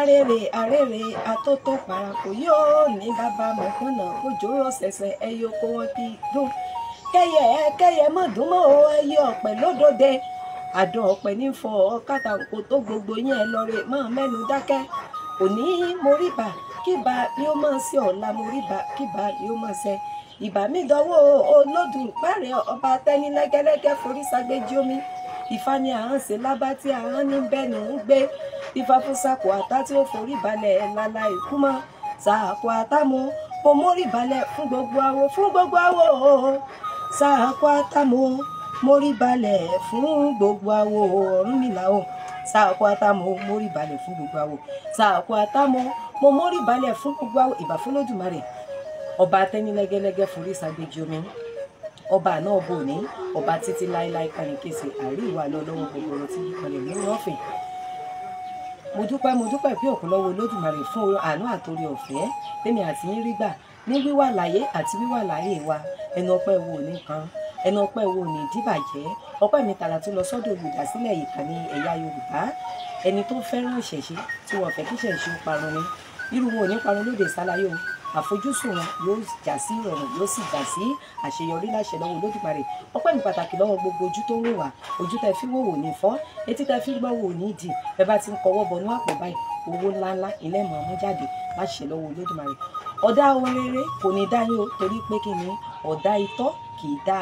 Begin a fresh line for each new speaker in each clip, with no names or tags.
arèrè arèrè atótó parako yóò ní bàbá mọ̀kànnà òjò rọ̀ ṣẹ̀ṣẹ̀ ẹyọ kó wọn kí dùn kẹyẹ kẹyẹ mọ̀dún mọ́ o ẹyẹ ọ̀pẹ lódòde àdán ọ̀pẹ ní fọ kàtàǹkó tó gbogbo yẹn lọrẹ mọ́ mẹ́nu dákẹ́ òní moríba kíba ni ó máa ń ṣe ọ̀la moríba kíba ni ó máa ń ṣe ìbà mi dánwó olódùn pẹ́rẹ́ ọba tẹ́ni lẹ́gẹ́lẹ́gẹ́ forí sagbéjì ìfani àhánsẹ́ lábá tí àhán ní bẹ́ẹ̀ ń gbé ifá fún Sàkóàtá tí ó forí balẹ̀ lálá ikú mọ́ Sàkóàtá mo mo mórí balẹ̀ fún gbogbo awo fún gbogbo awo Sàkóàtá mo mórí balẹ̀ fún gbogbo awo Ọ̀rúnmìlà o Sàkóàtá mo mórí balẹ̀ fún gbogbo awo Sàkóàtá mo mo mórí balẹ̀ fún gbogbo awo ìbà fún Olódùmarè ọba atẹnilẹgẹlẹgẹ forí sàgbéjì omi ọba náà bò ní ọba títí láéláé kan ní kése àríwá lọ lọ́wọ́ gbogbo ọ̀rọ̀ tí yípadà ní rọfìn mo dúpẹ́ mo dúpẹ́ pé òkú lọ́wọ́ olódùmarè fún àánú àtòrí ọ̀fẹ́ tèmi àti yín rí gbà ní wíwà láyé àti wíwà láyé wa ẹnu ọpẹ́ wo ò ní kan ẹnu ọpẹ́ wo ò ní dìbàjẹ́ ọpẹ́ mi tààrà tó lọ sọ́dọ̀ olùdásílẹ̀ ìkànnì ẹ̀yà yorùbá ẹni tó fẹ́ràn ìṣẹ̀ṣe tí wọ́n fẹ́ kí ìṣẹ̀ṣe parun ni irú wọn ò ní parun lóde sáláyé àfojúsùn yóò já sí ìrọ̀rùn yóò sì já sí àṣeyọrí láṣẹ lọ́wọ́ olódùmarè ọpẹ́ mi pàtàkì lọ́wọ́ gbogbo ojú tó ń wò wá ojú tẹ fi wò wò ní fọ́ etí tẹ fi gbọ́ wò ní ìdì ẹ bá ti ń kọwọ́ bọnú àpò báyìí owó ńláńlá ilé mọ̀ ọmọ láṣẹ lọ́wọ́ olódùmarè ọ̀dà ohun kò ní dá o torí pé kí ni ọ̀dà itọ́ kì í dá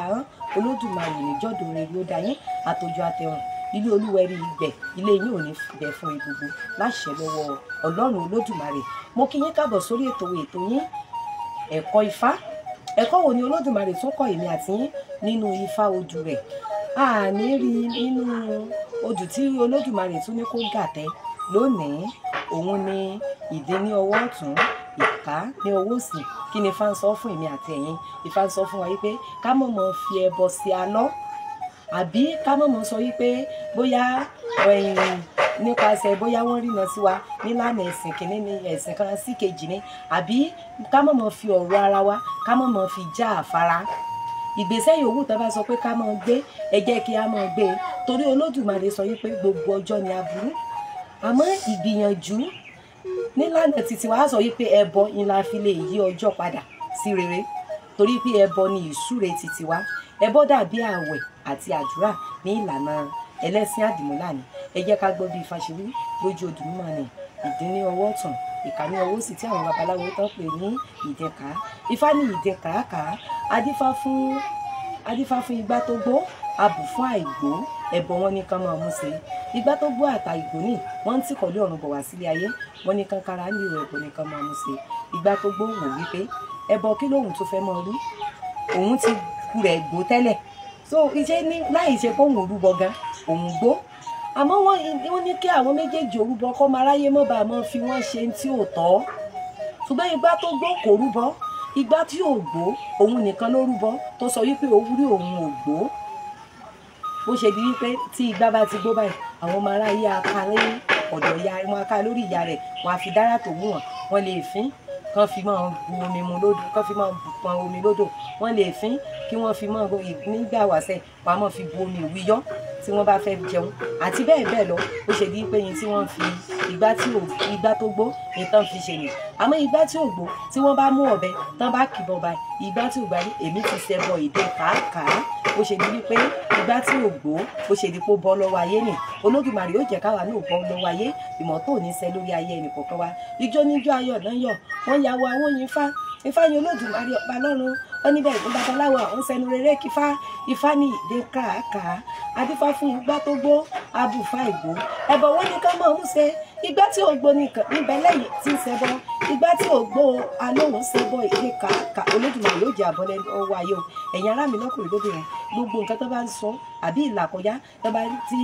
olódùmarè níjọ́dọ̀ ilé olúwa rí ibẹ̀ ilé yín ò ní bẹ̀ fún egungun láṣẹ lọ́wọ́ ọlọ́run olódùmarè mo kí yín káàbọ̀ sórí ètò ètò yín ẹ̀kọ́ ifá ẹ̀kọ́ wo ni olódùmarè tó kọ́ èmi àti yín nínú ifá odù rẹ̀ a ní rí nínú odù tí olódùmarè tún ní kó gàtẹ́ lónìí òun ni ìdí ní ọwọ́ ọ̀tún ìka ní ọwọ́ òsì kí ni ifá ń sọ fún èmi àti ẹ̀yin ifá ń sọ fún wa yìí pé ká mọ̀ mọ̀ fi ẹbọ sí alọ́ àbí ká mọ̀ mọ̀ sọ wípé bóyá eh, nípasẹ̀ bóyá wọ́n rìnà sí wa nílànà ẹ̀sìn kìíní ni ẹ̀sìn kan sí kejì ni àbí ká mọ̀ mọ̀ fi ọ̀rọ̀ ara wa ká mọ̀ mọ̀ fi já àfárá ìgbésẹ̀ yòówù tó bá sọ pé ká máa gbé ẹ jẹ́ kí a máa gbé e torí olódùmarè sọ wípé gbogbo ọjọ́ ni aburú àmọ́ ìgbìyànjú nílànà títí wàá sọ wípé ẹbọ ni la fi lè yí ọjọ́ padà sí rere torí pé ẹbọ ni ìsúre títí wa ẹbọ dàbí ààwẹ̀ àti àdúrà ní ìlànà ẹlẹ́sìn àdìmúlà ni ẹ jẹ́ ká gbọ́ bí ìfàṣírí lójú odùnúmọ̀ ni ìdí ní ọwọ́ ọ̀tún ìka ní ọwọ́ òsì tí àwọn babaláwo tó pè ní ìdẹ̀ka ifá ní ìdẹ̀kàákà adífá fún adífá fún igbá tó gbó abù fún àìgbó ẹbọ wọn ní kán máa mú sí igbá tó gbó àtà ìgbó nì wọn ń tìkọ̀lé ọ̀run bọ̀ wá sílé ayé wọn ní kán kára ní ìrọ̀ ẹbọ ní kán máa mú sí igbá tó gbó wò wípé ẹbọ kí lóhun tó fẹ́ mọ rí òun ti rẹ̀ gbó tẹ́lẹ̀ so iṣẹ́ ní láì ṣe pé òun òrúbọ gan òun gbó àmọ́ wọ́n ní kí àwọn méjèèjì òrúbọ kọ́ máa ráyé mọ́ bàá mọ́ fi wọ́n ṣe tí ò tọ́ ṣùgbọ́n igbá tó gbó kò rúbọ igbá tí ò gbó òun nìkan ló rúbọ tó sọ wípé òwúrí òun ò gbó bó ṣe di wípé tí igbá bá ti gbó báyìí àwọn ọmọ aráyé akalé ọ̀dọ̀ ya wọn aká lórí ìyá rẹ̀ wọn àfi dára tó mú wọn wọn lè fín kán fi máa bu omi mu lódò kán fi máa pọn omi lódò wọ́n lè fín kí wọ́n fi máa nígbà wàṣẹ wàá máa fi bu omi ìwíyọ́ tí wọ́n bá fẹ́ jẹun àti bẹ́ẹ̀ bẹ́ẹ̀ lọ ó ṣe di pé yín tí wọ́n fi ìgbà tí ò ìgbà tó gbó ní tán fi ṣe yẹn àmọ́ ìgbà tí ò gbó tí wọ́n bá mú ọ̀bẹ tán bá kìbọn báyìí ìgbà tí ò gbáyé èmi ti ṣẹbọ ìdè kàákàá bó ṣe di wípé ìgbà tí ò gbó bó ṣe di pé ó bọ́ lọ́wọ́ ayé nì olódùmarè yóò jẹ́ káwa náà bọ́ lọ́wọ́ ayé ìmọ̀tò ò ní ṣẹ lórí ayé ẹnì kọ̀ọ̀kan wa ijó níjó ayọ̀ lọ́yọ̀ wọ́n ya wo àwọn yìí fá ifá yẹn olódùmarè ọ̀pá lọ́run wọ́n níbẹ̀ ìgbọ́n babaláwo àwọn sẹ́nu rere kífá ifá ní ìdè káàkáà adífá fún igbá tó gbó abùfá ìgbó ẹ̀bọ̀ wọ́n ní ká mọ̀ ọ́n ṣe igbá tí ò gbó nìkan níbẹ̀ lẹ́yìn tí ń ṣẹbọ ìgbà tí ò gbó alóhùn ṣẹbọ ilé kàkà olódùmarè yóò jẹ àbọlẹ ọwọ́ ayé o ẹ̀yin ará mi lọ́kùnrin lóbìnrin gbogbo nǹkan tó bá ń sọ àbí ìlà kọjá tó bá tí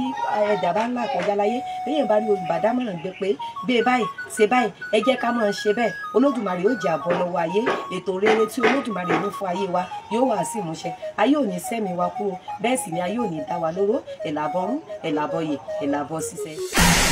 ẹ̀dá bá ń là kọjá láyé lẹ́yìn bá ní olùbádámọ̀ràn gbé pé gbé báyìí ṣe báyìí ẹ jẹ́ ká máa ṣe bẹ́ẹ̀ olódùmarè yóò jẹ àbọlẹ ọwọ́ ayé ètò rere tí olódùmarè ní fún ayé wa yóò wá sí ìmúṣẹ ayé ò ní sẹ́mi wa kúrò bẹ́ẹ̀ sì ni ayé ò ní dá wa lóró ẹ̀làbọ̀rún ẹ̀làbọ̀yè ẹ̀làbọ̀